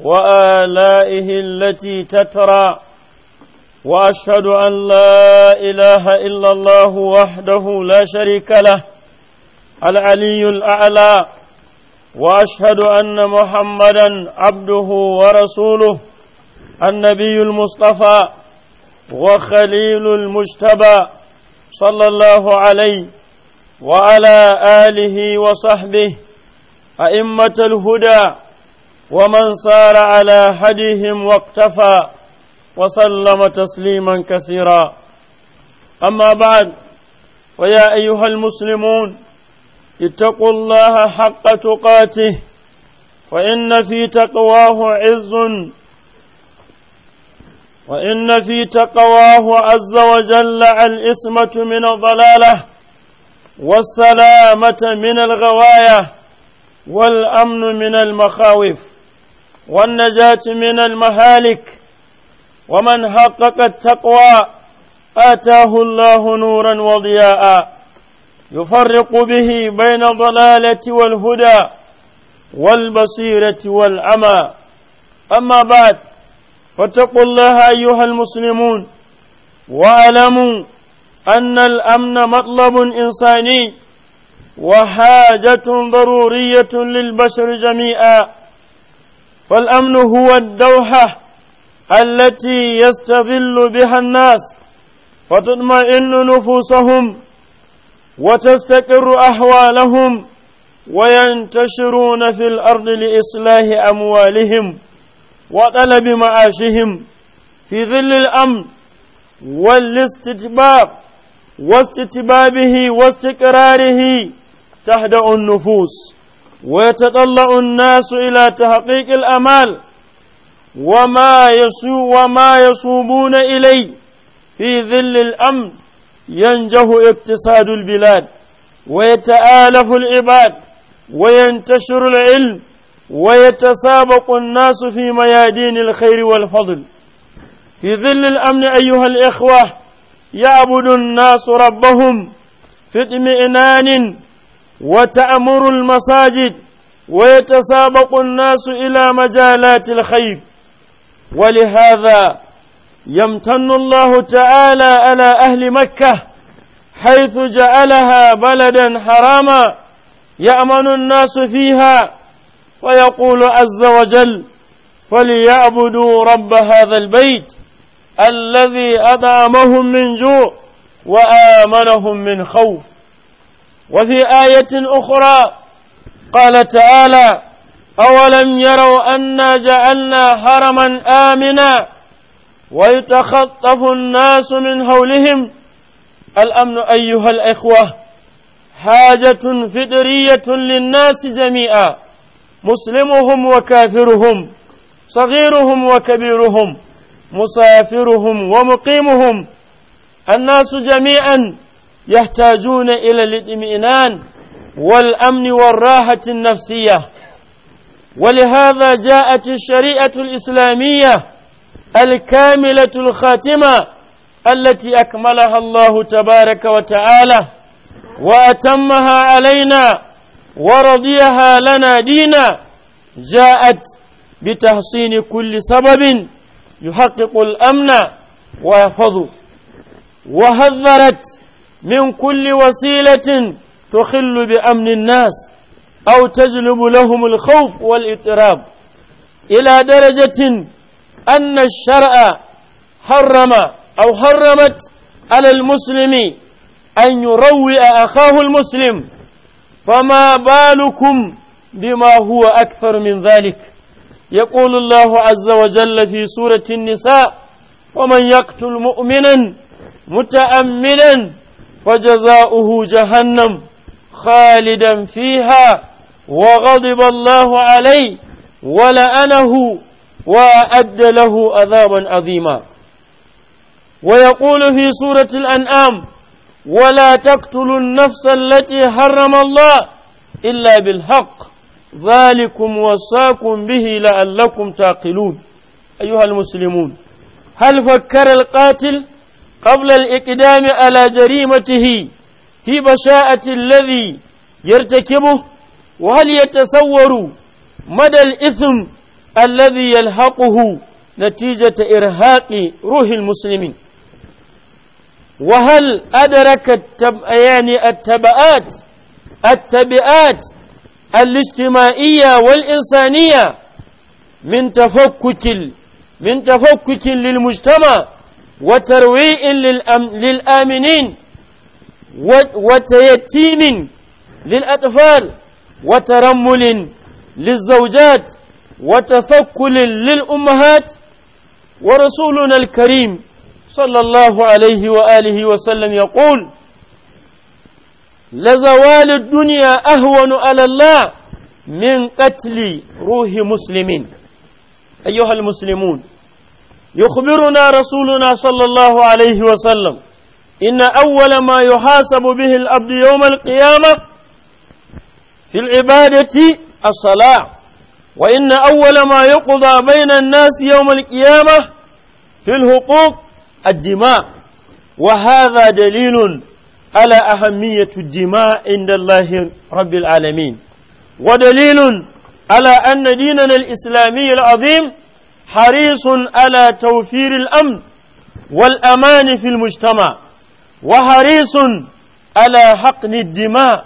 وآلائه التي تترى وأشهد أن لا إله إلا الله وحده لا شريك له العلي الأعلى وأشهد أن محمدا عبده ورسوله النبي المصطفى وخليل المجتبى صلى الله عليه وعلى آله وصحبه أئمة الهدى ومن صار على هديهم واقتفى وسلم تسليما كثيرا أما بعد ويا أيها المسلمون اتقوا الله حق تقاته فإن في تقواه عز وإن في تقواه عز وجل الإسمة من الضلالة والسلامة من الغواية والأمن من المخاوف والنجاة من المهالك ومن حقق التقوى آتاه الله نورا وضياء يفرق به بين الضلالة والهدى والبصيرة والعمى أما بعد فاتقوا الله أيها المسلمون واعلموا أن الأمن مطلب إنساني وحاجة ضرورية للبشر جميعا والأمن هو الدوحة التي يستظل بها الناس وتطمئن نفوسهم وتستقر أحوالهم وينتشرون في الأرض لإصلاح أموالهم وطلب معاشهم في ظل الأمن والاستتباب واستتبابه واستقراره تهدأ النفوس ويتطلع الناس إلى تحقيق الأمال وما يسو وما يصوبون إليه في ظل الأمن ينجه اقتصاد البلاد ويتآلف العباد وينتشر العلم ويتسابق الناس في ميادين الخير والفضل في ظل الأمن أيها الإخوة يعبد الناس ربهم في اطمئنان وتأمر المساجد ويتسابق الناس إلى مجالات الخير ولهذا يمتن الله تعالى على أهل مكة حيث جعلها بلدا حراما يأمن الناس فيها ويقول عز وجل فليعبدوا رب هذا البيت الذي أطعمهم من جوع وآمنهم من خوف وفي آية أخرى قال تعالى أولم يروا أنا جعلنا حرما آمنا ويتخطف الناس من حولهم الأمن أيها الإخوة حاجة فدرية للناس جميعا مسلمهم وكافرهم صغيرهم وكبيرهم مسافرهم ومقيمهم الناس جميعا يحتاجون إلى الاطمئنان والأمن والراحة النفسية ولهذا جاءت الشريعة الإسلامية الكاملة الخاتمة التي أكملها الله تبارك وتعالى وأتمها علينا ورضيها لنا دينا جاءت بتحصين كل سبب يحقق الأمن ويحفظه وهذرت من كل وسيلة تخل بأمن الناس أو تجلب لهم الخوف والاضطراب إلى درجة أن الشرع حرم أو حرمت على المسلم أن يروئ أخاه المسلم فما بالكم بما هو أكثر من ذلك يقول الله عز وجل في سورة النساء ومن يقتل مؤمنا متأملا فجزاؤه جهنم خالدا فيها وغضب الله عليه ولأنه وأد له عذابا عظيما ويقول في سورة الأنعام ولا تقتلوا النفس التي حرم الله إلا بالحق ذلكم وصاكم به لعلكم تعقلون أيها المسلمون هل فكر القاتل قبل الإقدام على جريمته في بشاءة الذي يرتكبه وهل يتصور مدى الإثم الذي يلحقه نتيجة إرهاق روح المسلمين وهل أدرك التب... يعني التبعات التبعات الاجتماعية والإنسانية من تفكك من تفكك للمجتمع وترويع للآمنين وتيتيم للأطفال وترمل للزوجات وتثقل للأمهات ورسولنا الكريم صلى الله عليه وآله وسلم يقول لزوال الدنيا أهون على الله من قتل روح مسلمين أيها المسلمون يخبرنا رسولنا صلى الله عليه وسلم إن أول ما يحاسب به العبد يوم القيامة في العبادة الصلاة وإن أول ما يقضى بين الناس يوم القيامة في الحقوق الدماء وهذا دليل على أهمية الدماء عند الله رب العالمين ودليل على أن ديننا الإسلامي العظيم حريص على توفير الأمن والأمان في المجتمع وحريص على حقن الدماء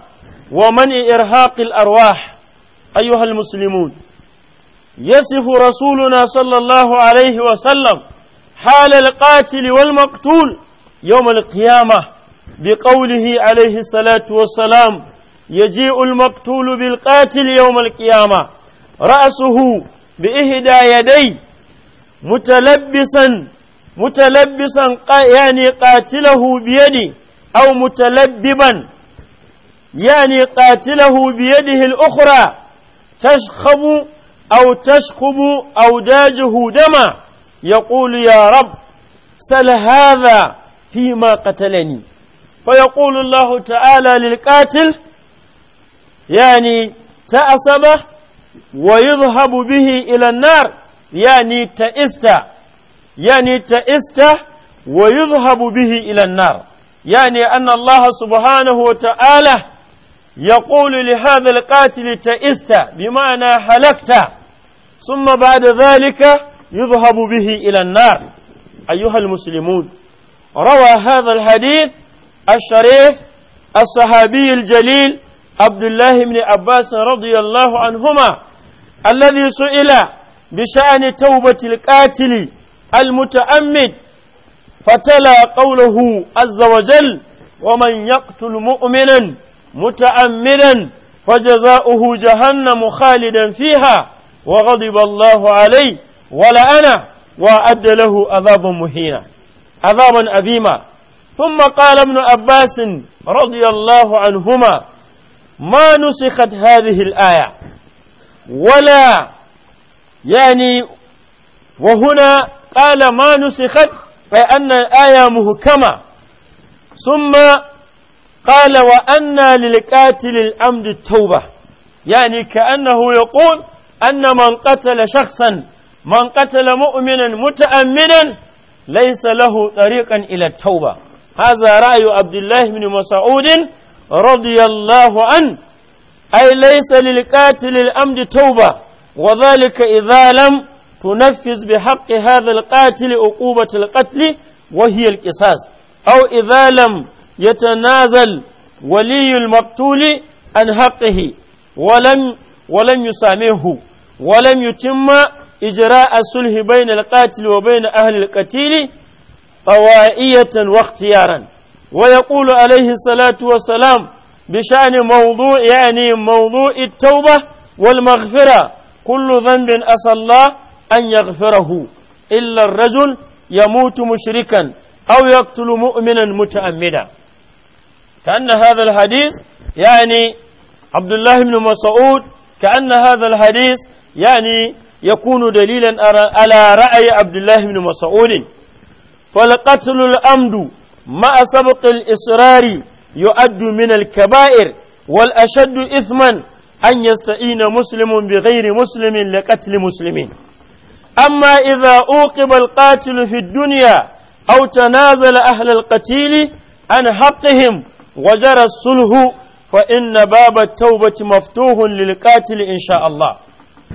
ومنع إرهاق الأرواح أيها المسلمون يصف رسولنا صلى الله عليه وسلم حال القاتل والمقتول يوم القيامة بقوله عليه الصلاة والسلام يجيء المقتول بالقاتل يوم القيامة رأسه بإهدى يديه متلبسا متلبسا يعني قاتله بيده أو متلببا يعني قاتله بيده الأخرى تشخب أو تشخب أوداجه دما يقول يا رب سل هذا فيما قتلني فيقول الله تعالى للقاتل يعني تأسبه ويذهب به إلى النار يعني تأستا يعني تأستا ويذهب به إلى النار يعني أن الله سبحانه وتعالى يقول لهذا القاتل تأستا بمعنى هلكت ثم بعد ذلك يذهب به إلى النار أيها المسلمون روى هذا الحديث الشريف الصحابي الجليل عبد الله بن عباس رضي الله عنهما الذي سئل بشأن توبة القاتل المتأمد فتلا قوله عز وجل ومن يقتل مؤمنا متأمدا فجزاؤه جهنم خالدا فيها وغضب الله عليه ولعنه وأد له عذابا مهينا عذابا عظيما ثم قال ابن عباس رضي الله عنهما ما نسخت هذه الآية ولا يعني وهنا قال ما نسخت فأن الآية مهكمة ثم قال وأن للقاتل الأمد التوبة يعني كأنه يقول أن من قتل شخصا من قتل مؤمنا متأمنا ليس له طريقا إلى التوبة هذا رأي عبد الله بن مسعود رضي الله عنه أي ليس للقاتل الأمد توبة وذلك إذا لم تنفذ بحق هذا القاتل عقوبة القتل وهي القصاص أو إذا لم يتنازل ولي المقتول عن حقه ولم ولم يسامحه ولم يتم إجراء الصلح بين القاتل وبين أهل القتيل طوائية واختيارا ويقول عليه الصلاة والسلام بشأن موضوع يعني موضوع التوبة والمغفرة kullu dhanbin asalla an yaghfirahu illa ar-rajul yamutu mushrikan aw yaqtulu mu'minan muta'ammida كأن هذا الحديث يعني عبد الله بن مسعود كأن هذا الحديث يعني يكون دليلا على رأي عبد الله بن مسعود فالقتل الأمد مع سبق الإصرار يؤد من الكبائر والأشد إثما أن يستعين مسلم بغير مسلم لقتل مسلمين أما إذا أوقب القاتل في الدنيا أو تنازل أهل القتيل عن حقهم وجرى الصلح فإن باب التوبة مفتوح للقاتل إن شاء الله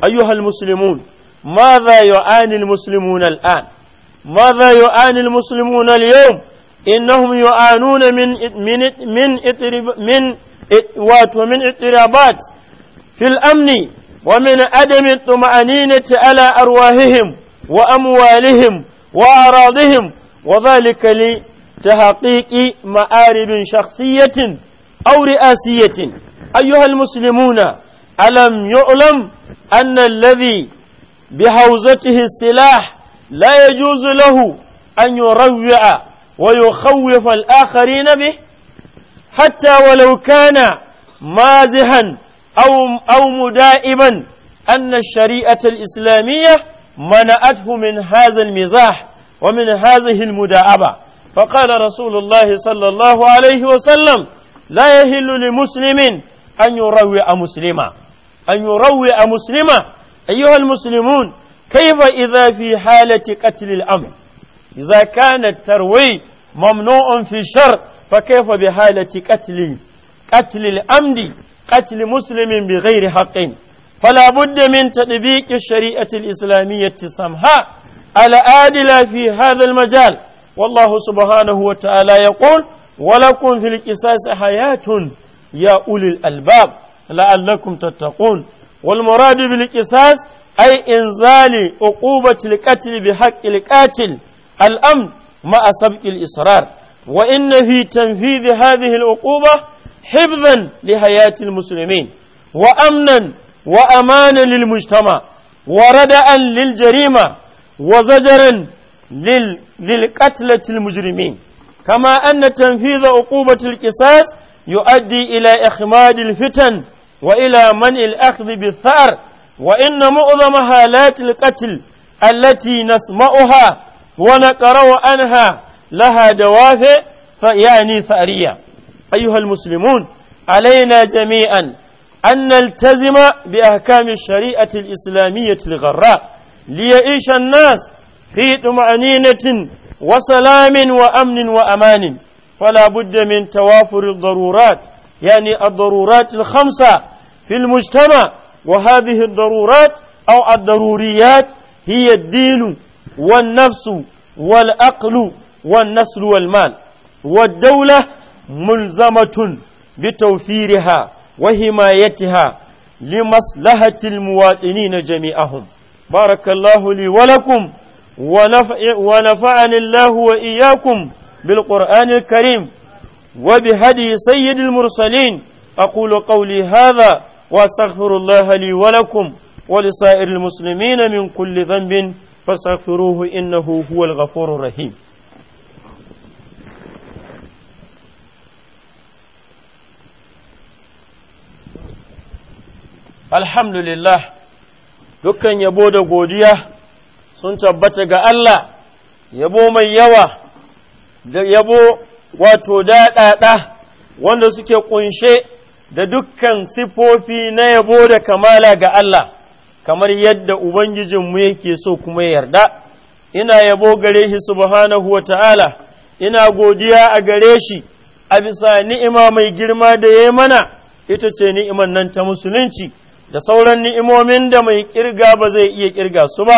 أيها المسلمون ماذا يعاني المسلمون الآن ماذا يعاني المسلمون اليوم إنهم يعانون من من من من ومن اضطرابات في الأمن ومن عدم الطمأنينة على أرواحهم وأموالهم وأراضهم وذلك لتحقيق مآرب شخصية أو رئاسية أيها المسلمون ألم يعلم أن الذي بحوزته السلاح لا يجوز له أن يروع ويخوف الآخرين به حتى ولو كان مازحا أو, أو مدائما أن الشريعة الإسلامية منعته من هذا المزاح ومن هذه المداعبة فقال رسول الله صلى الله عليه وسلم لا يهل لمسلم أن يروي مسلما أن يروي مسلما أيها المسلمون كيف إذا في حالة قتل الأمر إذا كان التروي ممنوع في الشر فكيف بحالة قتل قتل الأمر قتل مسلم بغير حق فلا بد من تطبيق الشريعة الإسلامية سمها العادلة في هذا المجال والله سبحانه وتعالى يقول ولكم في القصاص حياة يا أولي الألباب لعلكم تتقون والمراد بالقصاص أي إنزال عقوبة القتل بحق القاتل الأمن مع سبق الإصرار وإن في تنفيذ هذه العقوبة حفظا لحياة المسلمين وأمنا وأمانا للمجتمع وردعا للجريمة وزجرا للقتلة المجرمين كما أن تنفيذ عقوبة القصاص يؤدي إلى إخماد الفتن وإلى منع الأخذ بالثأر وإن معظم حالات القتل التي نسمعها ونقرأ عنها لها دوافع يعني ثأرية أيها المسلمون علينا جميعا أن نلتزم بأحكام الشريعة الإسلامية الغراء ليعيش الناس في طمأنينة وسلام وأمن وأمان فلا بد من توافر الضرورات يعني الضرورات الخمسة في المجتمع وهذه الضرورات أو الضروريات هي الدين والنفس والأقل والنسل والمال والدولة munzamatun bi taufiriha wa himayatiha li maslahatil muwatinina jami'ahum barakallahu li wa lakum wa nafa'ani Allah wa iyyakum bil qur'anil karim wa bi hadi sayyidil mursalin aqulu qawli hadha wa astaghfirullah li wa lakum wa li sa'iril muslimina min kulli dhanbin فاستغفروه انه هو الغفور الرحيم alhamdulillah dukkan yabo da godiya sun tabbata ga Allah yabo mai yawa da yabo wato daɗaɗa wanda suke ƙunshe da dukkan sifofi na yabo da kamala ga Allah kamar yadda Ubangijinmu yake so kuma yarda ina yabo gare shi subhanahu wa ta'ala ina godiya a gare shi a bisa ni'ima mai girma da ya mana ita ce ni'iman nan ta musulunci da sauran ni'imomin da mai ƙirga ba zai iya ƙirga su ba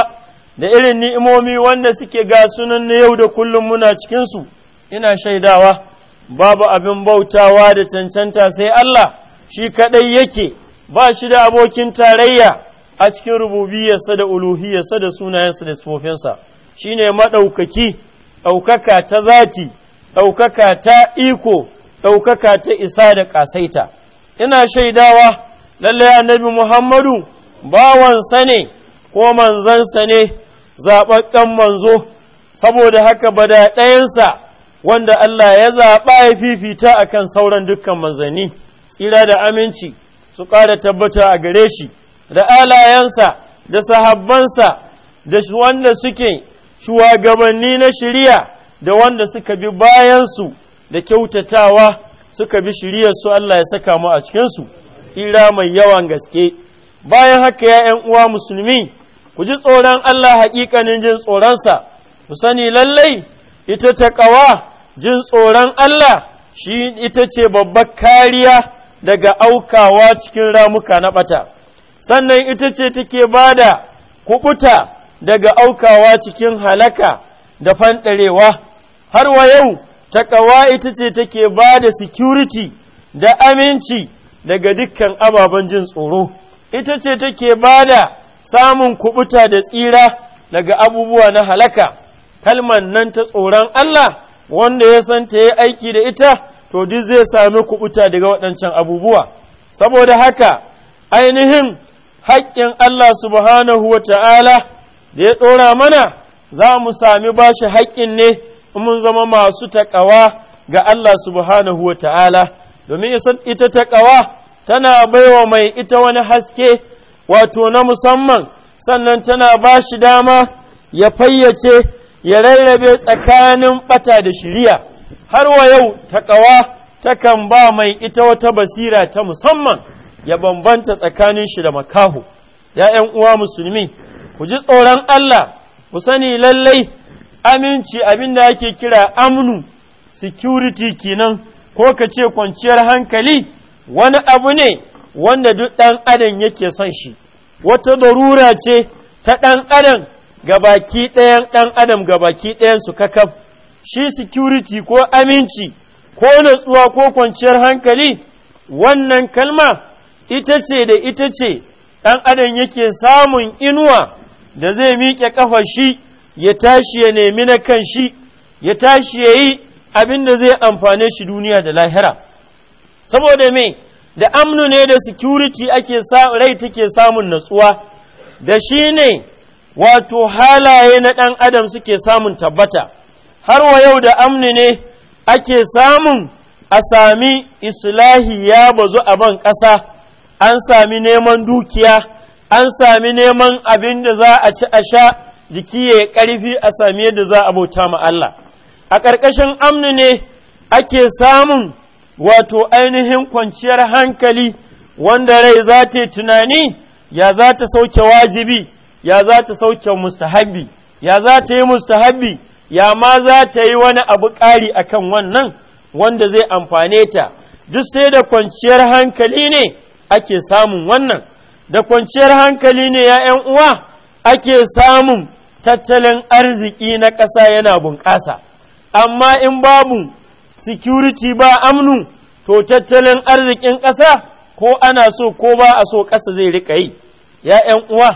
da irin ni'imomi wanda suke ga sunan na yau da kullum muna cikinsu ina shaidawa babu abin bautawa da cancanta sai Allah shi kaɗai yake ba shi da abokin tarayya a cikin rububiyarsa da uluhiyarsa da sunayensa da sufofinsa. shi ne maɗaukaki ɗaukaka ta zati ɗaukaka ta iko ɗaukaka ta isa da ƙasaita ina shaidawa Lallai annabi Muhammadu bawansa ne ko manzansa ne zaɓaɓɓen manzo saboda haka bada ɗayansa wanda Allah ya zaɓa ya fifita a kan sauran dukkan manzanni tsira da aminci su ƙara tabbata a gare shi da alayensa da sahabbansa da wanda suke shugabanni na shiriya da wanda suka bi bayansu da kyautatawa suka bi su Allah ya saka mu a cikinsu. tsira mai yawan gaske bayan haka ya ‘yan uwa musulmi ku ji tsoron Allah haƙiƙanin jin tsoronsa ku sani lallai ita ta ƙawa jin tsoron Allah shi ita ce babbar kariya daga aukawa cikin ramuka na ɓata sannan ita ce take ba da kuɓuta daga aukawa cikin halaka da fanɗarewa har wa yau ta taƙawa ita ce take ba da security da aminci daga dukkan ababen jin tsoro ita ce take bada samun kubuta da tsira daga abubuwa na halaka kalman nan ta tsoron Allah wanda ya san ta yi aiki da ita to duk zai sami kubuta daga waɗancan abubuwa saboda haka ainihin haƙƙin Allah subhanahu wa ta'ala da ya ɗora mana za mu sami ba shi haƙƙin ne mun zama masu taƙawa ga Allah subhanahu wa ta'ala domin ita ta ƙawa, tana baiwa mai ita wani haske wato na musamman sannan tana ba shi dama ya fayyace ya rarrabe tsakanin ɓata da shiriya har wa yau ta taƙawa takan ba mai ita wata basira ta musamman ya bambanta tsakanin shi da makaho ‘ya'yan uwa musulmi ku ji tsoron Allah ku sani lallai aminci abin da ake kira amnu security kenan. ko ka ce kwanciyar hankali wani abu ne wanda duk ɗan adam yake son shi wata darura ce ta ɗan adam ga baki ɗayan ɗan adam ga baki ɗayan su kakaf shi security ko aminci ko natsuwa ko kwanciyar hankali wannan kalma ita ce da ita ce ɗan adam yake samun inuwa da zai miƙe ƙafa shi ya tashi ya nemi na kan shi ya tashi ya yi abin da zai amfane shi duniya da lahira saboda me da amnu ne da security ake rai take samun natsuwa da shi ne wato halaye na ɗan adam suke samun tabbata har wa yau da amnu ne ake samun a sami islahi ya bazu a ban ƙasa an sami neman dukiya an sami neman abin da za a ci a sha jiki ya ƙarfi a sami yadda za a bauta ma Allah a ƙarƙashin amni ne ake samun wato ainihin kwanciyar hankali wanda rai za ta yi tunani ya za ta sauke wajibi ya za ta sauke mustahabbi ya za ta yi mustahabbi ya ma za ta yi wani abu ƙari a kan wannan wanda zai amfane ta duk sai da kwanciyar hankali ne ake samun wannan da kwanciyar hankali ne ya uwa ake samun tattalin arziki na ƙasa yana bunƙasa. amma in babu security ba amnu to tattalin arzikin ƙasa ko ana so ko ba a so ƙasa zai rika yi ya ‘yan uwa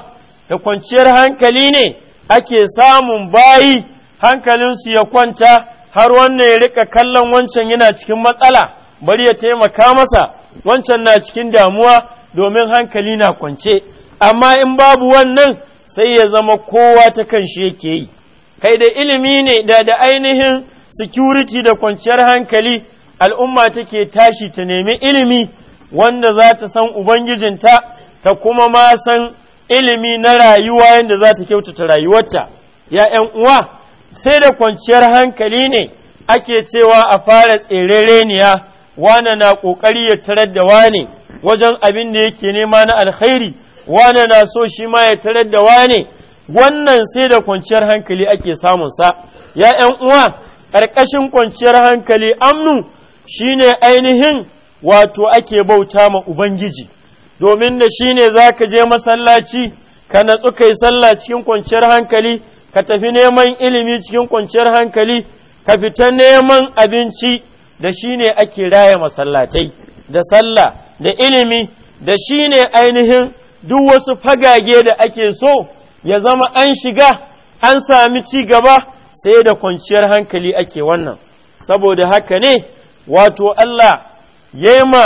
da kwanciyar hankali ne ake samun bayi hankalinsu ya kwanta har wannan ya rika kallon wancan yana cikin matsala bari ya taimaka masa wancan na cikin damuwa domin hankali na kwance amma in babu wannan sai ya zama kowa ta kan shi yake yi kai da ilimi ne da da ainihin security da kwanciyar hankali al'umma take tashi ta nemi ilimi wanda za ta san ubangijinta ta kuma ma san ilimi na rayuwa yadda za ta kyautata rayuwarta ya ‘yan uwa sai da kwanciyar hankali ne ake cewa a fara tserereniya wane na ƙoƙari ya tarar da wane wajen abin da yake nema na alkhairi wane na so shi ma ya tarar da wane wannan sai da kwanciyar hankali ake samunsa ya ‘yan uwa ƙarƙashin kwanciyar hankali amnu shi ne ainihin wato ake bauta ma ubangiji domin da shi ne za ka je masallaci ka natsu kai sallah cikin kwanciyar hankali ka tafi neman ilimi cikin kwanciyar hankali ka fita neman abinci da shi shine ake raya masallatai da sallah da ilimi da shi ne ainihin duk wasu fagage da ake so ya zama an shiga an sami ci gaba sai da kwanciyar hankali ake wannan saboda haka ne wato Allah ya yi ma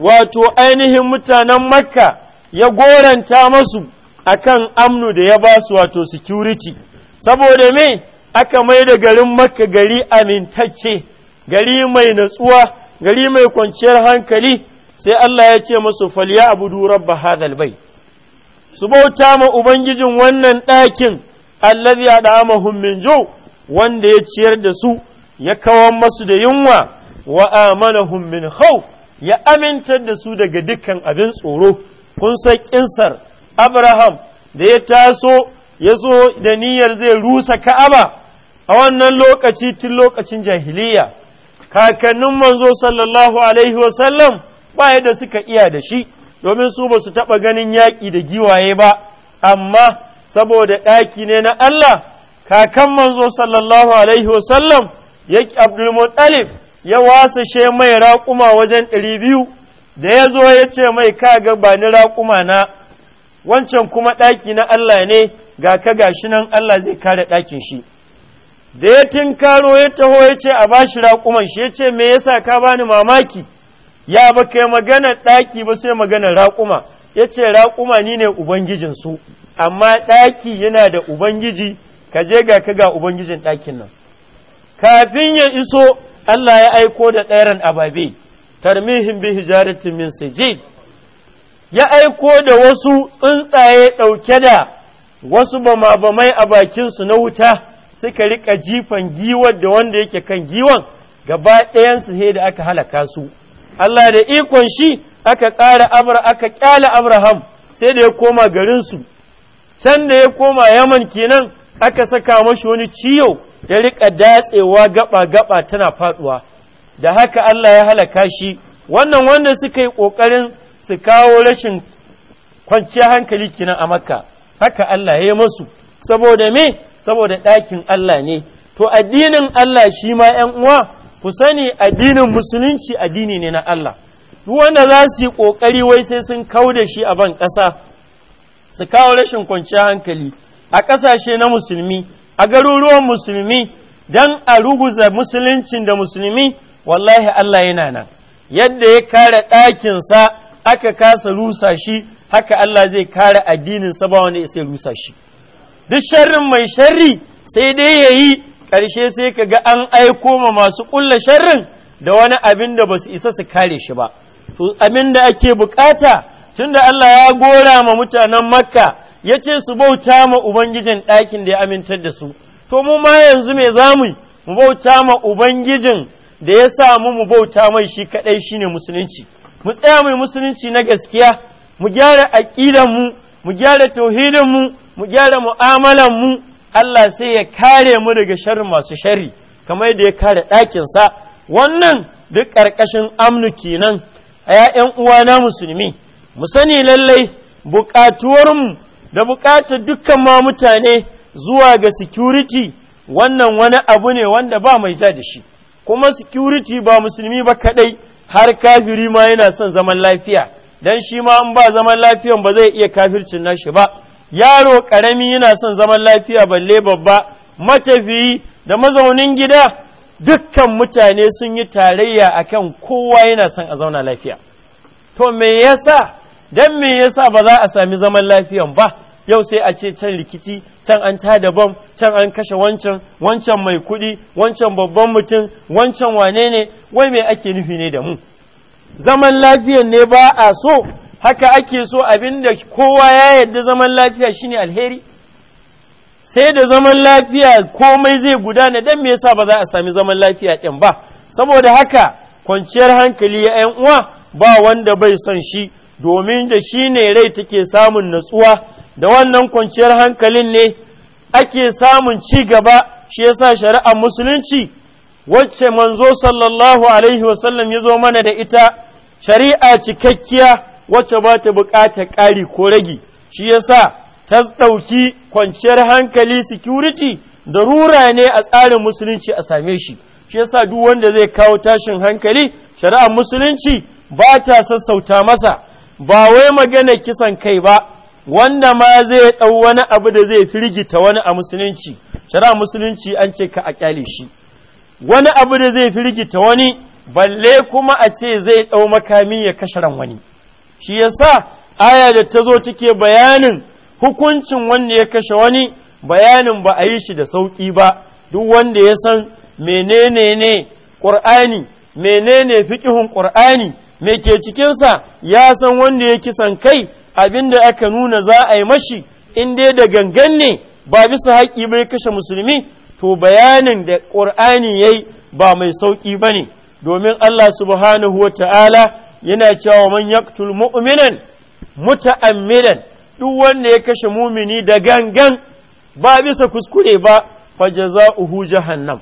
wato ainihin mutanen makka ya goranta masu akan amnu da ya ba su wato security saboda me aka mai da garin makka gari amintacce gari mai natsuwa gari mai kwanciyar hankali sai Allah ya ce masu falya abudu rabba hadal bai su bauta ma Ubangijin wannan ɗakin allazi ma min jo wanda ya ciyar da su ya kawar masu da yunwa wa amanahum min hau, ya amintar da su daga dukkan abin tsoro kun san kinsar Abraham da ya taso ya zo da niyyar zai rusa Ka'aba a wannan lokaci tun lokacin jahiliya kakannin manzo sallallahu alaihi wasallam ba yadda suka iya da shi domin su ba su taɓa ganin yaƙi da giwaye ba amma saboda ɗaki ne na Allah kakan manzo sallallahu alaihi wasallam ya abdulmuttalib ya wasashe mai raƙuma wajen ɗari biyu da ya zo ya ce mai kaga ba ni raƙuma na wancan kuma ɗaki na Allah ne ga ka gashi nan Allah zai kare ɗakin shi da ya tinkaro ya taho ya ce a bashi raƙuman shi ya ce me yasa ka bani mamaki ya ba kai magana ɗaki ba sai magana raƙuma ya ce raƙuma ni ne ubangijinsu amma ɗaki yana da ubangiji ka je ga ka ga ubangijin ɗakin nan kafin ya iso Allah ya aiko da ɗairan ababe tarmihin bi hijaratin min sijid ya aiko da wasu tsuntsaye ɗauke da wasu bama-bamai a bakinsu na wuta suka riƙa jifan giwar da wanda yake kan giwan gaba ɗayansu he da aka halaka su Allah da ikon shi aka ƙara abra aka ƙyale Abraham sai da ya koma garinsu can da ya koma Yaman kenan aka saka mashi wani ciyo ya riƙa datsewa gaba-gaba tana faɗuwa da haka Allah ya halaka shi wannan wanda suka yi ƙoƙarin su kawo rashin kwanciyar hankali kenan a makka haka Allah ya yi masu saboda me saboda ɗakin Allah ne to addinin Allah shi ma ‘yan uwa ku sani addinin musulunci addini ne na Allah duk wanda za su yi ƙoƙari wai sai sun kau da shi a ban ƙasa su kawo rashin kwanciyar hankali a ƙasashe na musulmi a garuruwan musulmi don a ruguza musuluncin da musulmi wallahi Allah yana nan yadda ya kare ɗakinsa aka kasa rusa shi haka Allah zai kare addinin sa ba wanda rusa shi duk sharrin mai sharri sai dai ya yi ƙarshe sai ka ga an aiko ma masu ƙulla sharrin da wani abin da ba su isa su kare shi ba to abin da ake bukata tunda Allah ya gora ma mutanen makka ya ce su bauta ma ubangijin ɗakin da ya amintar da su to mu ma yanzu me za mu bauta ma ubangijin da ya sa mu mu bauta mai shi kaɗai shi ne musulunci mu tsaya mai musulunci na gaskiya mu gyara aƙidanmu mu gyara tauhidinmu mu gyara mu'amalanmu Allah sai ya kare mu daga sharri masu sharri kamar da ya kare ɗakinsa wannan duk ƙarƙashin amnu kenan a ‘ya'yan uwana musulmi mu sani lallai mu da buƙatar dukkan ma mutane zuwa ga security wannan wani abu ne wanda ba mai ja da shi kuma security ba musulmi ba kaɗai har kafiri ma yana son zaman lafiya don shi ma in ba zaman lafiyan ba zai iya kafircin nashi ba yaro ƙarami yana son zaman lafiya balle babba matafiyi da mazaunin gida dukkan mutane sun yi tarayya akan kowa yana son a zauna lafiya to me yasa dan me yasa ba za a sami zaman lafiyan ba yau sai a ce can rikici can an ta daban, can an kashe wancan wancan mai kuɗi wancan babban mutum wancan wane ne wai me ake nufi ne da mu zaman lafiyan ne ba a so haka ake so abin da kowa ya yarda zaman lafiya shine alheri sai da zaman lafiya komai zai gudana dan me yasa ba za a sami zaman lafiya ɗin ba saboda haka kwanciyar hankali ya ‘yan uwa ba wanda bai son shi domin da shi ne rai take samun natsuwa da wannan kwanciyar hankalin ne ake samun ci gaba shi yasa shari'ar musulunci wacce manzo sallallahu alaihi wasallam ya zo mana da ita shari'a cikakkiya wacce ba ta buƙatar ƙari ko ragi shi yasa ta ɗauki kwanciyar hankali security da rura ne a tsarin musulunci a same shi shi yasa duk wanda zai kawo tashin hankali shari'ar musulunci ba ta sassauta masa ba wai magana kisan kai ba wanda ma zai ɗau wani abu da zai firgita wani a musulunci shari'ar musulunci an ce ka a ƙyale shi wani abu da zai firgita wani balle kuma a ce zai ɗau makami ya kashe ran wani shi yasa aya da ta zo take bayanin hukuncin wanda ya kashe wani bayanin ba a yi shi da sauƙi ba duk wanda ya san menene ne ƙur'ani menene fiƙihun ƙur'ani me ke cikinsa ya san wanda ya kisan kai abin da aka nuna za a yi mashi in dai da gangan ne ba bisa haƙƙi bai kashe musulmi to bayanin da ƙur'ani ya yi ba mai sauƙi ba ne domin Allah subhanahu wa ta'ala yana cewa man yaqtul mu'minan muta'ammidan duk wanda ya kashe mumini da gangan ba bisa kuskure ba fa jaza'uhu jahannam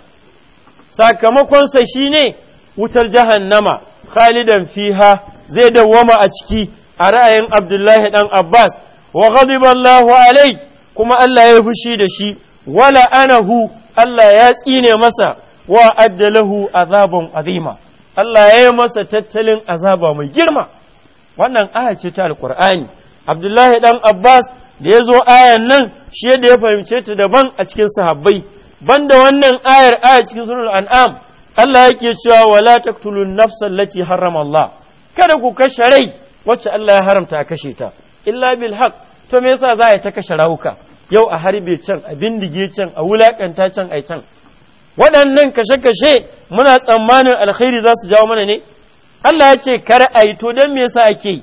sakamakonsa shine wutar jahannama khalidan fiha zai dawwama a ciki a ra'ayin Abdullahi dan Abbas wa ghadiba Allahu alai kuma Allah ya fushi da shi wala anahu Allah ya tsine masa wa addalahu azaban azima Allah ya yi masa tattalin azaba mai girma wannan aya ce ta alkur'ani abdullahi dan abbas da ya zo ayan nan shi da ya fahimce ta daban a cikin sahabbai banda wannan ayar aya cikin sunan an'am Allah yake cewa wala taqtulun nafsan lati harrama Allah kada ku kashe rai wacce Allah ya haramta a kashe ta illa bil haqq to me yasa za a yi ta kashe rawuka yau a harbe can a bindige can a wulakanta can ai can waɗannan kashe-kashe muna tsammanin alkhairi za su jawo mana ne Allah ya ce kar a yi to don me yasa ake yi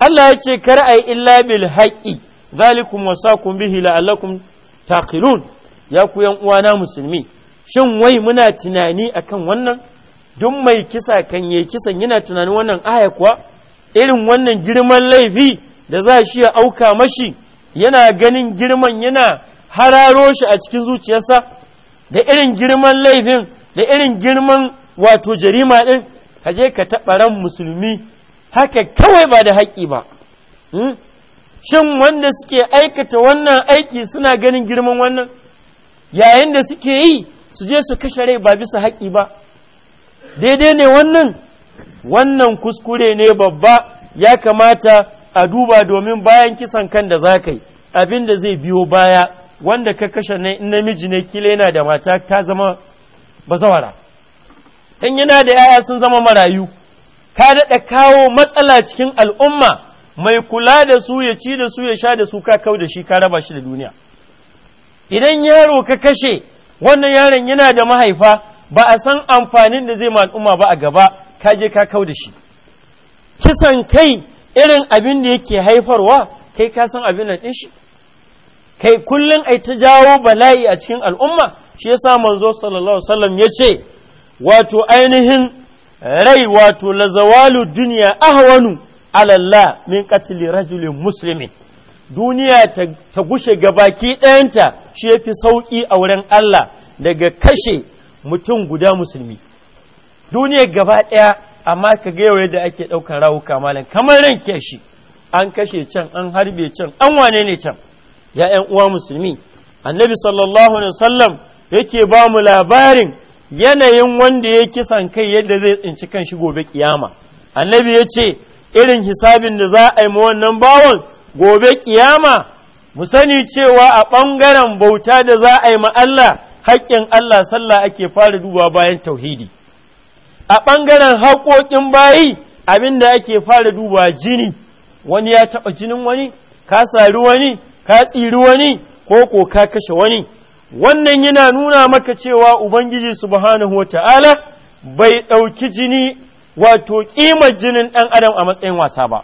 Allah ya ce kar a yi illa bil haqqi zalikum wasakum bihi la'allakum taqilun ya ku yan uwana musulmi shin wai muna tunani akan wannan duk mai kisa kan yi kisan yana tunanin wannan aya kuwa irin wannan girman laifi da za shi ya auka mashi yana ganin girman yana hararo shi a cikin zuciyarsa da irin girman laifin da irin girman wato jarima ɗin ka je ka taɓa ran musulmi haka kawai ba da haƙƙi ba hmm? shin wanda suke aikata wannan aiki suna ganin girman wannan yayin da suke yi su je su kashe rai ba bisa haƙi ba daidai ne wannan wannan kuskure ne babba ya kamata a duba domin bayan kisan kan da za ka yi abin da zai biyo baya wanda ka kashe namiji ne kila yana da mata ta zama bazawara in yana da yaya sun zama marayu ka daɗa kawo matsala cikin al'umma mai kula da su ya ci da su ya sha da su ka kau da shi ka raba shi da duniya idan yaro ka kashe wannan yaron yana da mahaifa ba a san amfanin da zai ma al'umma ba a gaba ka je ka kau da shi kisan kai irin abin da yake haifarwa kai ka san abin nan din shi kai kullum ai ta jawo bala'i a cikin al'umma shi yasa manzo sallallahu alaihi wasallam ya wato ainihin rai wato lazawalu duniya ahwanu alallah min qatli rajulin muslimin duniya ta gushe gabaki ɗayanta shi ya fi sauƙi a wurin Allah daga kashe mutum guda musulmi duniya gaba ɗaya amma ka ga yau yadda ake ɗaukar rawuka malam kamar ran shi an kashe can an harbe can an wane ne can ya ‘yan uwa musulmi annabi sallallahu alaihi wasallam yake ba mu labarin yanayin wanda ya kisan kai yadda zai tsinci kan shi gobe kiyama annabi ya ce irin hisabin da za a yi ma wannan bawon gobe kiyama mu sani cewa a ɓangaren bauta da za a yi ma Allah haƙƙin Allah sallah ake fara duba bayan tauhidi a ɓangaren haƙoƙin bayi abin da ake fara duba jini wani ya taɓa jinin wani ka sari wani ka tsiri wani ko ko ka kashe wani wannan yana nuna maka cewa ubangiji subhanahu wata'ala bai ɗauki jini wato ƙimar jinin ɗan adam a matsayin wasa ba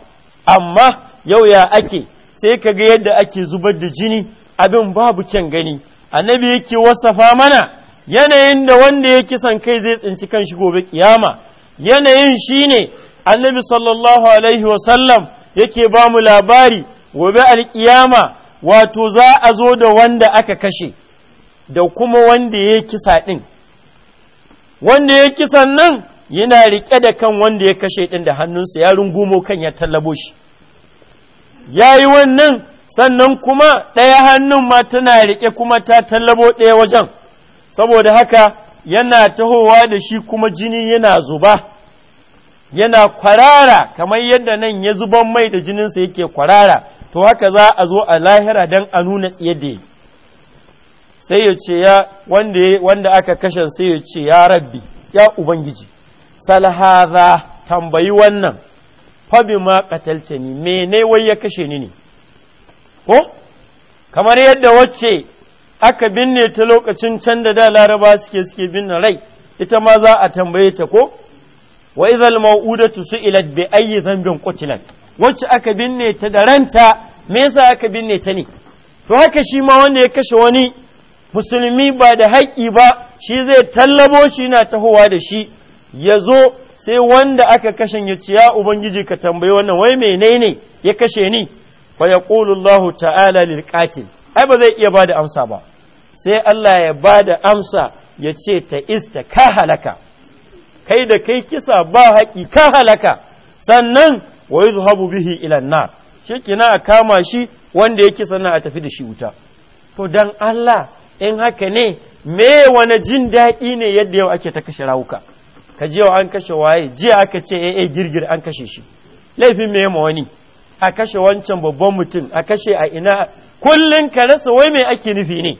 amma yau ya ake sai ka ga yadda ake zubar da jini abin babu kyan gani annabi yake wasafa mana yanayin da wanda ya kisan kai zai tsinci kan shi gobe kiyama yanayin shine annabi sallallahu alaihi wasallam yake ba mu labari gobe alkiyama wato za a zo da wanda aka kashe da kuma wanda ya kisa ɗin wanda ya kisan nan yana riƙe da kan wanda ya kashe ɗin da hannunsa ya rungumo kan ya tallabo shi ya yi wannan sannan kuma ɗaya hannun ma tana riƙe kuma ta tallabo ɗaya wajen saboda haka yana tahowa da shi kuma jini yana zuba yana kwarara kamar yadda nan ya zuban mai da jininsa yake kwarara to haka za a zo a lahira don a nuna tsaye da yi sai ya ce ya wanda aka kashe sai ya ce ya rabbi ya ubangiji salhaza tambayi wannan fabi ma katalta ni mene wai ya kashe ni ne ko kamar yadda wacce aka binne ta lokacin can da da laraba suke suke binne rai ita ma za a tambaye ta ko wa idhal mau'udatu su'ilat bi ayyi dhanbin qutilat wacce aka binne ta da ranta me yasa aka binne ta ne to haka shi ma wanda ya kashe wani musulmi ba da haƙƙi ba shi zai tallabo shi na tahowa da shi ya zo sai wanda aka kashe ya ce ya ubangiji ka tambayi wannan wai menene ya kashe ni fa yaqulu Allah ta'ala lil qatil ai ba zai iya bada amsa ba sai Allah ya bada amsa ya ce ta ista ka halaka kai da kai kisa ba haƙi ka halaka sannan wa zuhabu bihi ila nar shikina a kama shi wanda yake sannan a tafi da shi wuta to dan Allah in haka ne me wani jin daɗi ne yadda yau ake ta kashe rawuka ka je an kashe waye jiya aka ce eh, eh girgir an kashe shi laifin me ma wani a kashe wancan babban mutum a kashe a ina kullum ka rasa wai me ake nufi ne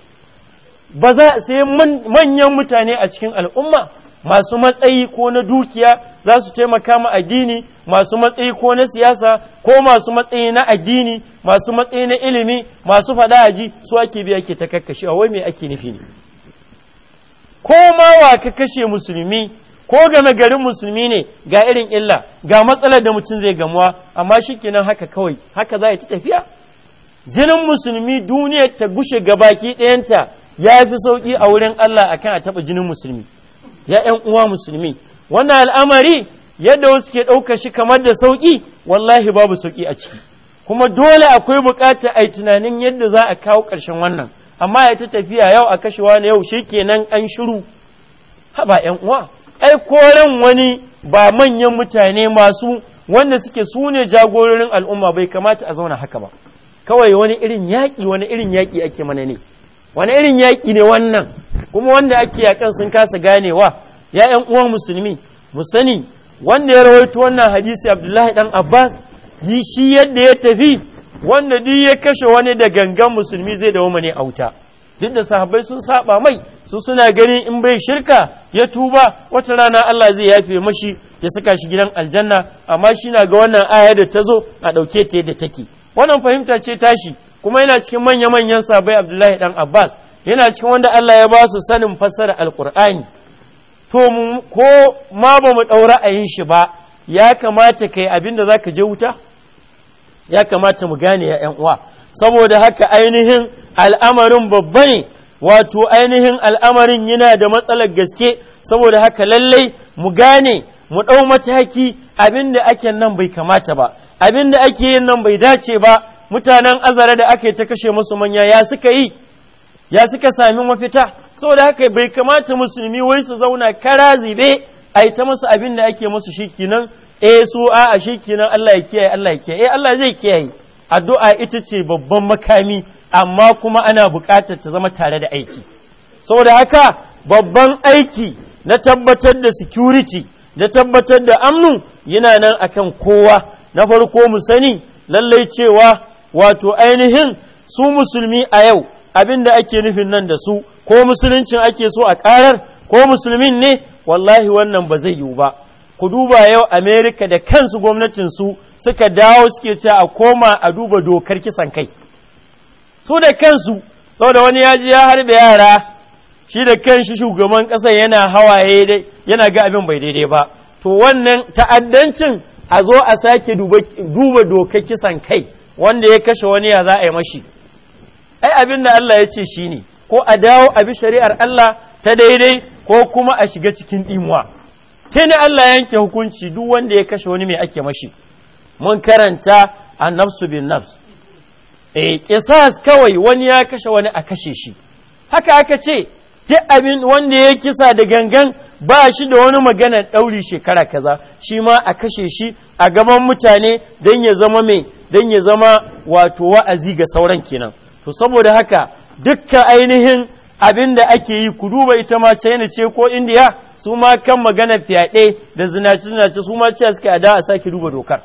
ba za sai manyan mutane a cikin al'umma masu matsayi ko na dukiya za su taimaka ma addini masu matsayi ko na siyasa ko masu matsayi na addini masu matsayi na ilimi masu faɗa ji su ake biya ke ta a wai me ake nufi ne ko ma wa ka kashe musulmi ko game garin musulmi ne ga irin illa ga matsalar da mutum zai gamuwa amma shikenan haka kawai haka za ta tafiya jinin musulmi duniya ta gushe gabaki ɗayanta ya fi sauƙi a wurin Allah akan a taɓa jinin musulmi ya ‘yan uwa musulmi wannan al'amari yadda wasu ke ɗauka shi kamar da sauƙi wallahi babu sauƙi a ciki kuma dole akwai buƙatar a yi tunanin yadda za a kawo ƙarshen wannan amma ya ta tafiya yau a kashewa na yau shi kenan an shiru haba ‘yan uwa ai koren wani ba manyan mutane masu wanda suke su ne jagororin al'umma bai kamata a zauna haka ba kawai wani irin yaƙi wani irin yaƙi ake mana ne wani irin yaƙi ne wannan kuma wanda ake yaƙan sun kasa ganewa ya ‘yan uwan musulmi mu sani wanda ya rawaito wannan hadisi abdullahi ɗan abbas yi shi yadda ya tafi wanda duk ya kashe wani da gangan musulmi zai da ne auta duk da sahabbai sun saba mai su suna ganin in bai shirka ya tuba wata rana Allah zai yafe mashi ya saka shi gidan aljanna amma shi na ga wannan aya da ta zo a ɗauke ta yadda take wannan fahimta ce tashi kuma yana cikin manya-manyan sabai Abdullahi dan Abbas yana cikin wanda Allah ya ba su sanin fassara alkur'ani to ko ma ba mu ɗaura a yin shi ba ya kamata kai abin da za ka je wuta ya kamata mu gane ya ‘yan uwa saboda haka ainihin al'amarin babba ne wato ainihin al'amarin yana da matsalar gaske saboda haka lallai mu gane mu ɗau mataki abin da ake nan bai kamata ba abin da ake yin nan bai dace ba mutanen azara da aka yi ta kashe musu manya ya suka yi ya suka sami mafita saboda haka bai kamata musulmi wai su zauna kara zibe a yi ta musu abin da ake musu shikenan eh su a a shikenan Allah ya kiyaye Allah ya kiyaye eh Allah zai kiyaye addu'a ita ce babban makami amma kuma ana buƙatar ta zama tare da aiki saboda haka babban aiki na tabbatar da security da tabbatar da amnu yana nan akan kowa na farko mu sani lallai cewa wato ainihin su musulmi a yau abin da ake nufin nan da su ko musuluncin ake so a karar ko musulmin ne wallahi wannan ba zai yiwu ba ku duba yau amerika da kansu gwamnatinsu suka dawo suke ce a koma a duba dokar kisan kai su da kansu saboda wani ya ji ya harbe yara shi da kanshi shugaban ƙasa yana hawaye yana ga abin bai daidai ba to wannan ta'addancin a zo a sake duba dokar kisan kai wanda ya kashe wani ya za a yi mashi ai abin da Allah ya ce shi ne ko a dawo a bi shari'ar Allah ta daidai ko kuma a shiga cikin ɗimuwa ne Allah yanke hukunci duk wanda ya kashe wani mai ake mashi mun karanta a nafsu bin nafs eh kisas kawai wani ya kashe wani a kashe shi haka aka ce duk abin wanda ya kisa da gangan ba shi da wani magana ɗauri shekara kaza shi ma a kashe shi a gaban mutane don ya zama mai don ya zama wato wa'azi ga sauran kenan to saboda haka dukkan ainihin abin da ake yi ku duba ita ma China ce ko Indiya su ma kan magana fyaɗe da zinace-zinace su ma ce a da a sake duba dokar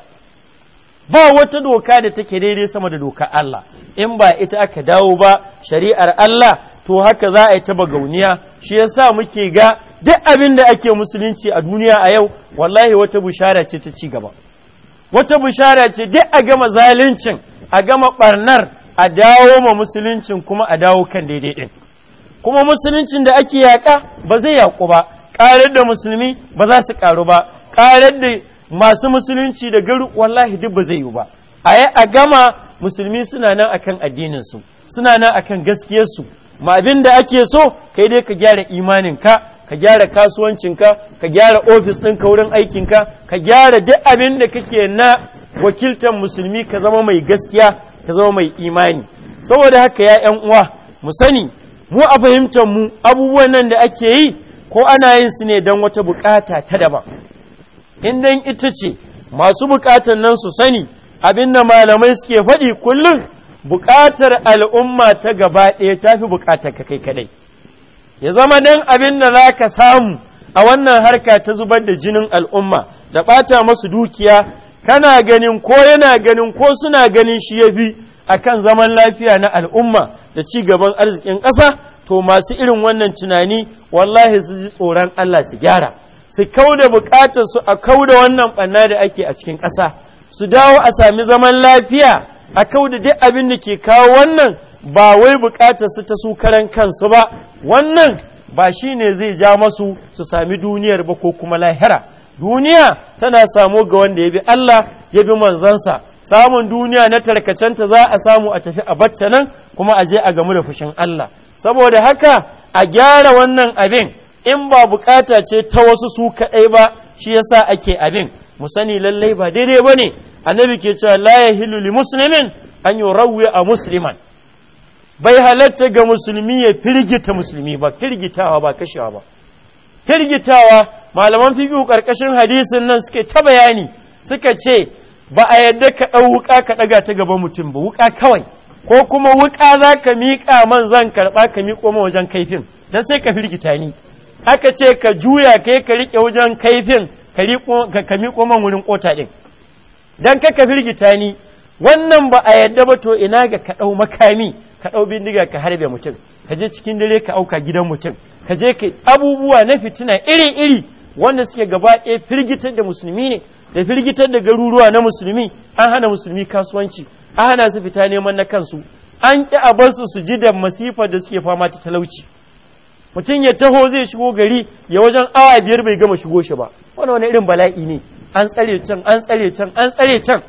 ba wata doka da take daidai sama da doka Allah in ba ita aka dawo ba shari'ar Allah to haka za a yi ta gauniya shi yasa muke ga duk abin da ake musulunci a duniya a yau wallahi wata bishara ce ta ci gaba wata bishara ce duk a gama zaluncin a gama barnar a dawo ma musuluncin kuma a dawo kan daidai din kuma musuluncin da ake yaƙa ba zai yaƙu ba ƙarar da musulmi ba za su ƙaru ba ƙarar da masu musulunci da garu wallahi duk ba zai yi ba a a gama musulmi suna nan akan addininsu suna nan akan gaskiyarsu ma abin da ake so kai dai ka gyara imaninka ka gyara kasuwancinka ka gyara ofis ɗinka wurin aikinka ka gyara duk abin da kake na wakiltar musulmi ka zama mai gaskiya ka zama mai imani saboda haka ya yan uwa mu sani mu a fahimtar mu abubuwan nan da ake yi ko ana yin su ne don wata bukata ta daban in dan ita ce masu bukatan nan su sani abin da malamai suke faɗi kullum bukatar al'umma ta gaba ɗaya ta fi bukatar ka kai kaɗai ya zama dan abin da za ka samu a wannan harka ta zubar da jinin al'umma da ɓata masu dukiya kana ganin ko yana ganin ko suna ganin shi ya fi a kan zaman lafiya na al'umma da ci gaban arzikin ƙasa to masu irin wannan tunani wallahi su ji tsoron Allah su gyara su kau da bukatar su a kau da wannan banna da ake a cikin ƙasa su dawo a sami zaman lafiya a kau da duk abin da ke kawo wannan ba wai bukatar su ta su karan kansu ba wannan ba shi ne zai ja masu su sami duniyar ba ko kuma lahira duniya tana samo ga wanda ya bi Allah ya bi manzansa samun duniya na tarkacenta za a samu a tafi a bacca nan kuma a je a gamu da fushin Allah saboda haka a gyara wannan abin in ba bukata ce ta wasu su kaɗai ba shi yasa ake abin mu sani lallai ba daidai ba ne annabi ke cewa la yahilu li muslimin an yurawwi a musliman bai halatta ga musulmi ya firgita musulmi ba firgitawa ba kashewa ba firgitawa malaman fiqhu karkashin hadisin nan suke ta bayani suka ce ba a yadda ka ɗau wuka ka ɗaga ta gaban mutum ba Wuka kawai ko kuma wuka za ka miƙa man zan karɓa ka miƙo ma wajen kaifin dan sai ka firgita ni aka ce ka juya kai ka riƙe wajen kaifin ka miƙo man wurin ƙota ɗin don ka ka firgita ni wannan ba a yadda ba to ina ga ka ɗau makami ka ɗau bindiga ka harbe mutum ka je cikin dare ka auka gidan mutum ka je ka abubuwa na fitina iri-iri wanda suke gaba ɗaya firgitar da musulmi ne da firgitar da garuruwa na musulmi an hana musulmi kasuwanci an hana su fita neman na kansu an ƙi a su su ji da masifar da suke fama ta talauci mutum ya taho zai shigo gari ya wajen awa biyar bai gama shigo shi ba wani wani irin bala'i ne an tsare can an tsare can an tsare can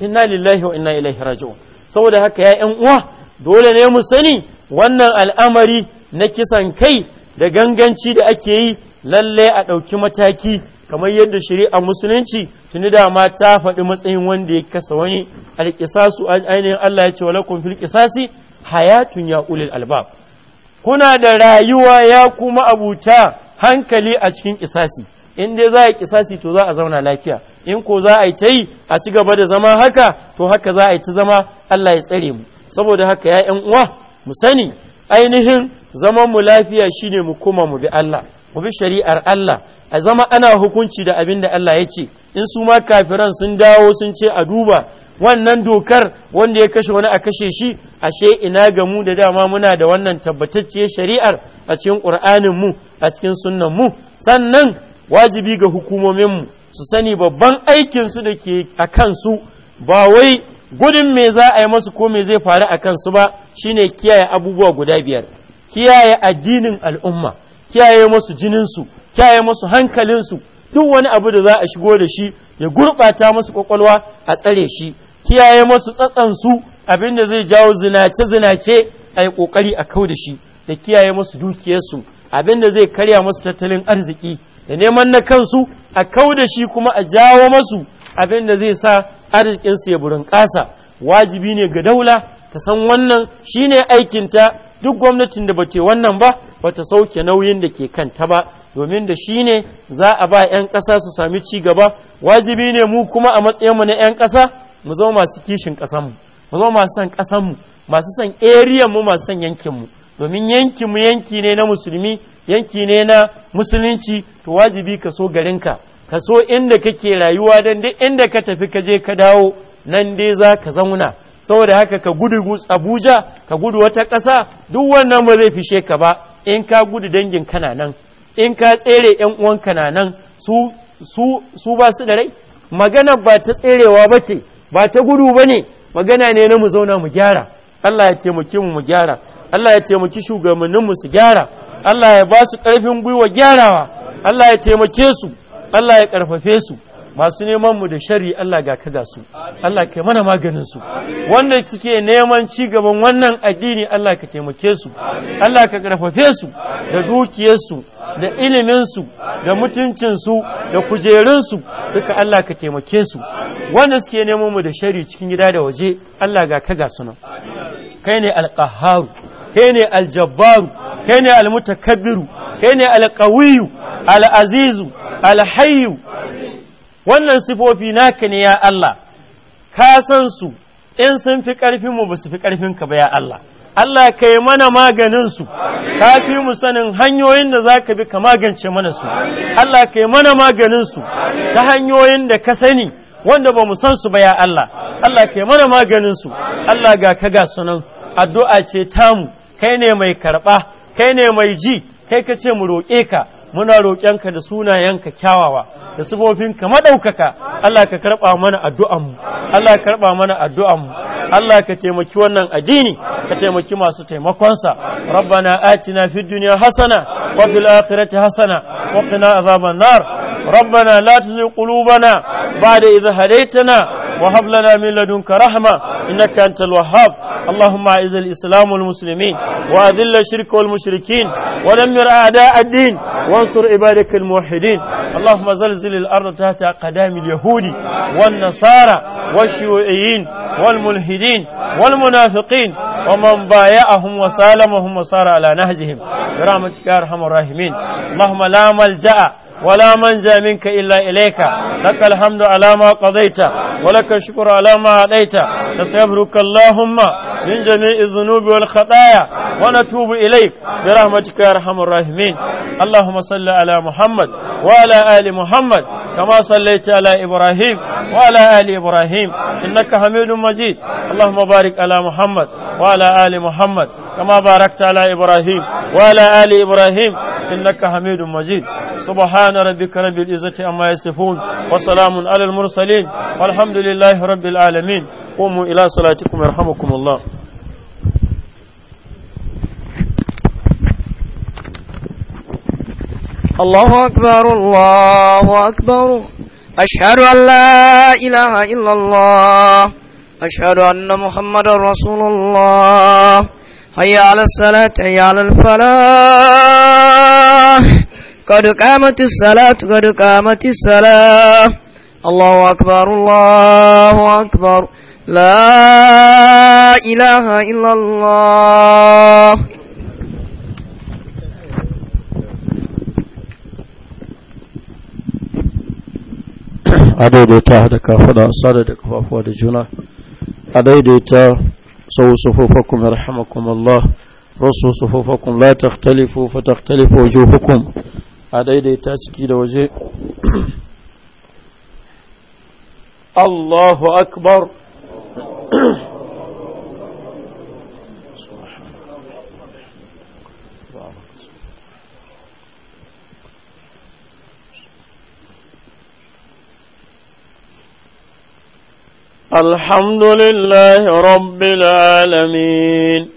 inna lillahi wa inna ilaihi raji'un saboda haka ya yan uwa dole ne mu sani wannan al'amari na kisan kai da ganganci da ake yi lallai a ɗauki mataki kamar yadda shari'a musulunci tuni da ma ta faɗi matsayin wanda ya kasa wani alƙisasu ainihin Allah ya ce wa lakum fil qisasi hayatun ya ulil albab kuna da rayuwa ya kuma abuta hankali a cikin kisasi in dai za a kisasi to za a zauna lafiya in ko za a yi ta yi a ci gaba da zama haka to haka za a yi ta zama Allah ya tsare mu saboda haka ya ƴan uwa mu sani ainihin zaman mu lafiya shine mu kuma mu bi Allah mu bi shari'ar Allah a zama ana hukunci da abin da Allah ya ce in su ma kafiran sun dawo sun ce a duba wannan dokar wanda ya kashe wani a kashe shi ashe ina ga mu da dama muna da wannan tabbatacciyar shari'ar a cikin ƙur'anin mu a cikin sunnan mu sannan wajibi ga hukumomin mu su sani babban aikin su da ke a kansu ba wai gudun me za a yi masu ko me zai faru a kansu ba shine kiyaye abubuwa guda biyar kiyaye addinin al'umma kiyaye masu su kiyaye masu hankalin su duk wani abu da za a shigo da shi ya gurɓata masu kwakwalwa a tsare shi kiyaye masu tsatsansu abinda zai jawo zinace-zinace a yi ƙoƙari a kau da shi da kiyaye masu dukiyarsu abinda zai karya masu tattalin arziki da neman na kansu a kau da shi kuma a jawo masu abinda zai sa arzikinsu ya burin ƙasa wajibi ne ga daula ta san wannan shine aikinta duk gwamnatin da bata wannan ba bata sauke nauyin da ke kanta ba domin da shi ne za a ba 'yan ƙasa su sami ci gaba wajibi ne mu kuma a matsayinmu na 'yan ƙasa mu zama masu kishin ƙasanmu mu zama masu son ƙasanmu masu son eriyan mu masu son mu domin yankin mu yanki ne na musulmi yanki ne na musulunci to wajibi ka so garinka ka so inda kake rayuwa dan duk inda ka tafi ka je ka dawo nan dai za ka zauna saboda haka ka gudu abuja ka gudu wata ƙasa duk wannan ba zai fishe ka ba in ka gudu dangin kana nan in ka tsere yan uwan na nan su su su ba su da rai magana ba ta tserewa ba ce ba ta gudu ba ne magana ne na mu zauna mu gyara Allah ya taimaki mu mu gyara Allah ya taimaki shugabanninmu su gyara Allah ya ba su ƙarfin gwiwa gyarawa Allah ya taimake su Allah ya ƙarfafe su masu neman mu da shari Allah ga kaga su Allah kai mana maganin su wanda suke neman ci gaban wannan addini Allah ka taimake su Allah ka karfafe su da dukiyar su da ilimin su da mutuncin su da kujerun su duka Allah ka taimake su wanda suke nemo mu da shari cikin gida da waje Allah ga ka ga sunan kai ne alqaharu kai ne aljabbaru kai ne almutakabbiru kai ne Alƙawiyu? alazizu alhayyu wannan sifofi naka ne ya Allah ka san su in sun fi karfin mu ba su fi karfin ka ba ya Allah Allah ka yi mana maganinsu. su ka fi mu sanin hanyoyin da za ka bi ka magance mana su Allah ka yi mana maganin su ta hanyoyin da ka sani wanda ba mu san su ba ya Allah Allah ke mana maganin su Allah ga ka ga sunan addu'a ce tamu kai ne mai karɓa kai ne mai ji kai ka ce mu roƙe ka muna roƙonka da sunayenka kyawawa da sifofinka ka. Allah ka karɓa mana addu'anmu Allah ka karɓa mana addu'anmu Allah ka taimaki wannan addini ka taimaki masu taimakonsa rabbana atina fid dunya hasana wa fil akhirati hasana wa qina azaban nar ربنا لا تزغ قلوبنا بعد إذ هديتنا وهب لنا من لدنك رحمة إنك أنت الوهاب اللهم أعز الإسلام والمسلمين وأذل الشرك والمشركين ودمر أعداء الدين وانصر عبادك الموحدين اللهم زلزل الأرض تحت أقدام اليهود والنصارى والشيوعيين والملحدين والمنافقين ومن بايعهم وسالمهم وصار على نهجهم برحمتك يا أرحم الراحمين اللهم لا ملجأ ولا منجا منك إلا إليك لك الحمد على ما قضيت ولك الشكر على ما عليت نستغفرك اللهم من جميع الذنوب والخطايا ونتوب إليك برحمتك يا أرحم الراحمين اللهم صل على محمد وعلى آل محمد كما صليت على إبراهيم وعلى آل إبراهيم إنك حميد مجيد اللهم بارك على محمد وعلى آل محمد كما باركت على إبراهيم وعلى آل إبراهيم إنك حميد مجيد سبحان ربك رب العزة عما يصفون وسلام على المرسلين والحمد لله رب العالمين قوموا إلى صلاتكم يرحمكم الله الله أكبر الله أكبر أشهد أن لا إله إلا الله أشهد أن محمد رسول الله حي على الصلاة حي على الفلاح قد قامت الصلاة قد قامت الصلاة الله أكبر الله أكبر لا إله إلا الله a daidaita da kafada sada da kafafuwa da juna a سووا صفوفكم يرحمكم الله رصوا صفوفكم لا تختلفوا فتختلف وجوهكم أديدي تاسكي دوجه الله أكبر الحمد لله رب العالمين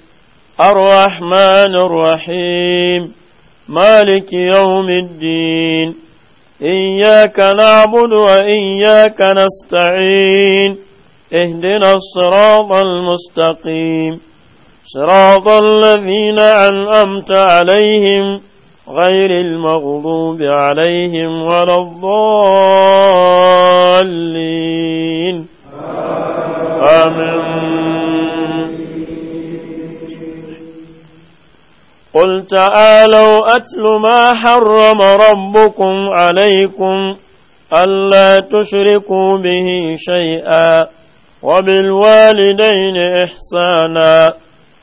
الرحمن الرحيم مالك يوم الدين إياك نعبد وإياك نستعين اهدنا الصراط المستقيم صراط الذين أنأمت عليهم غير المغضوب عليهم ولا الضالين آمين قل تعالوا أتل ما حرم ربكم عليكم ألا تشركوا به شيئا وبالوالدين إحسانا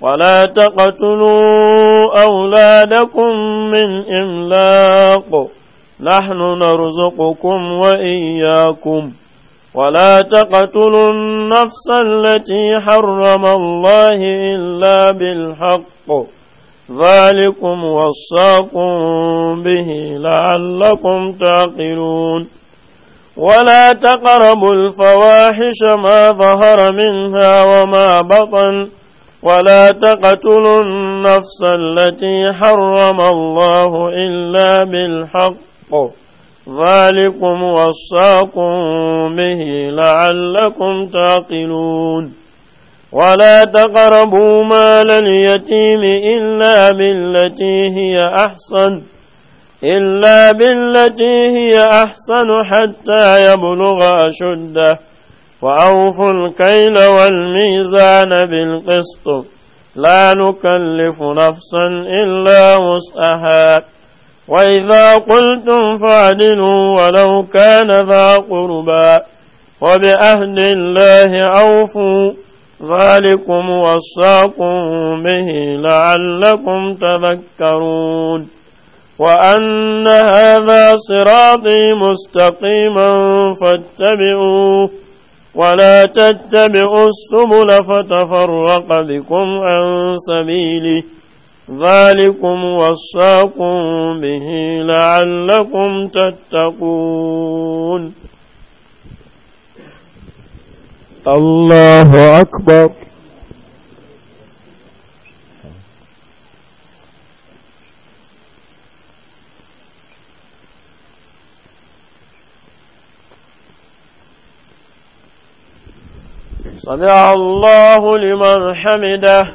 ولا تقتلوا أولادكم من إملاق نحن نرزقكم وإياكم ولا تقتلوا النفس التي حرم الله إلا بالحق ذلكم وصاكم به لعلكم تعقلون ولا تقربوا الفواحش ما ظهر منها وما بطن ولا تقتلوا النفس التي حرم الله إلا بالحق ذلكم وصاكم به لعلكم تعقلون ولا تقربوا مال اليتيم إلا بالتي هي أحسن إلا بالتي هي أحسن حتى يبلغ أشده وأوفوا الكيل والميزان بالقسط لا نكلف نفسا إلا وسعها وإذا قلتم فاعدلوا ولو كان ذا قربا وبأهل الله أوفوا ذلكم وصاكم به لعلكم تذكرون وأن هذا صراطي مستقيما فاتبعوه ولا تتبعوا السبل فتفرق بكم عن سبيله ذلكم وصاكم به لعلكم تتقون الله أكبر صدع الله لمن حمده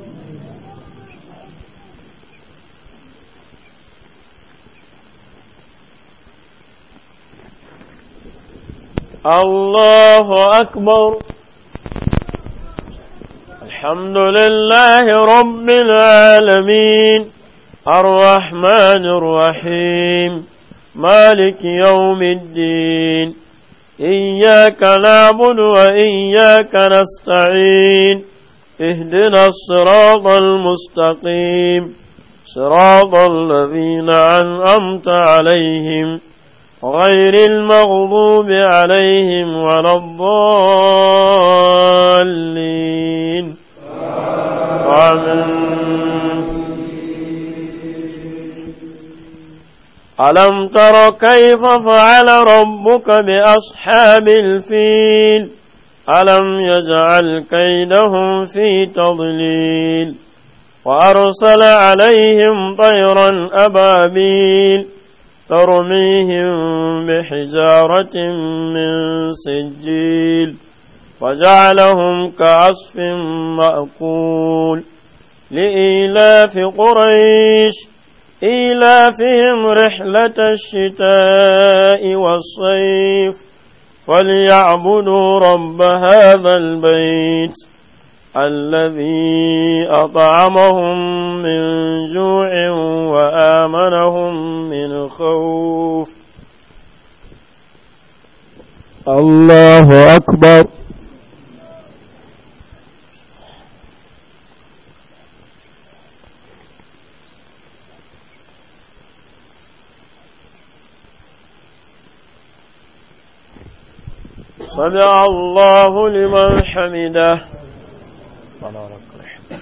الله أكبر الحمد لله رب العالمين الرحمن الرحيم مالك يوم الدين إياك نعبد وإياك نستعين اهدنا الصراط المستقيم صراط الذين أنأمت عليهم غير المغضوب عليهم ولا الضالين آمين ألم تر كيف فعل ربك بأصحاب الفيل ألم يجعل كيدهم في تضليل وأرسل عليهم طيرا أبابيل ترميهم بحجارة من سجيل فجعلهم كعصف مأكول لإيلاف قريش إيلافهم رحلة الشتاء والصيف فليعبدوا رب هذا البيت الذي أطعمهم من جوع وآمنهم من خوف الله أكبر صدع الله لمن حمده ولا أكبر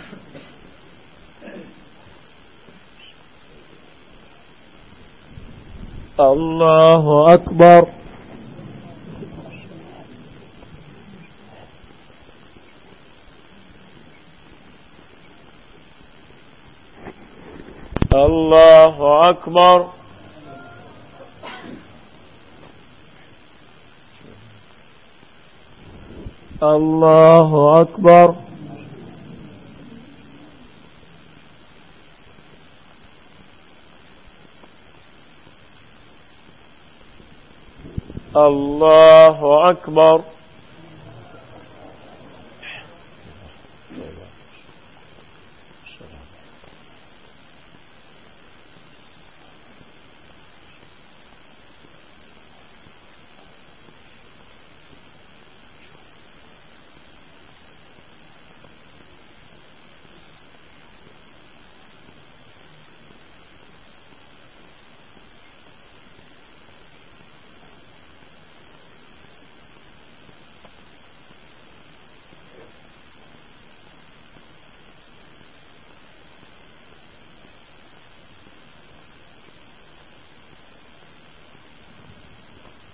الله أكبر الله أكبر الله أكبر الله أكبر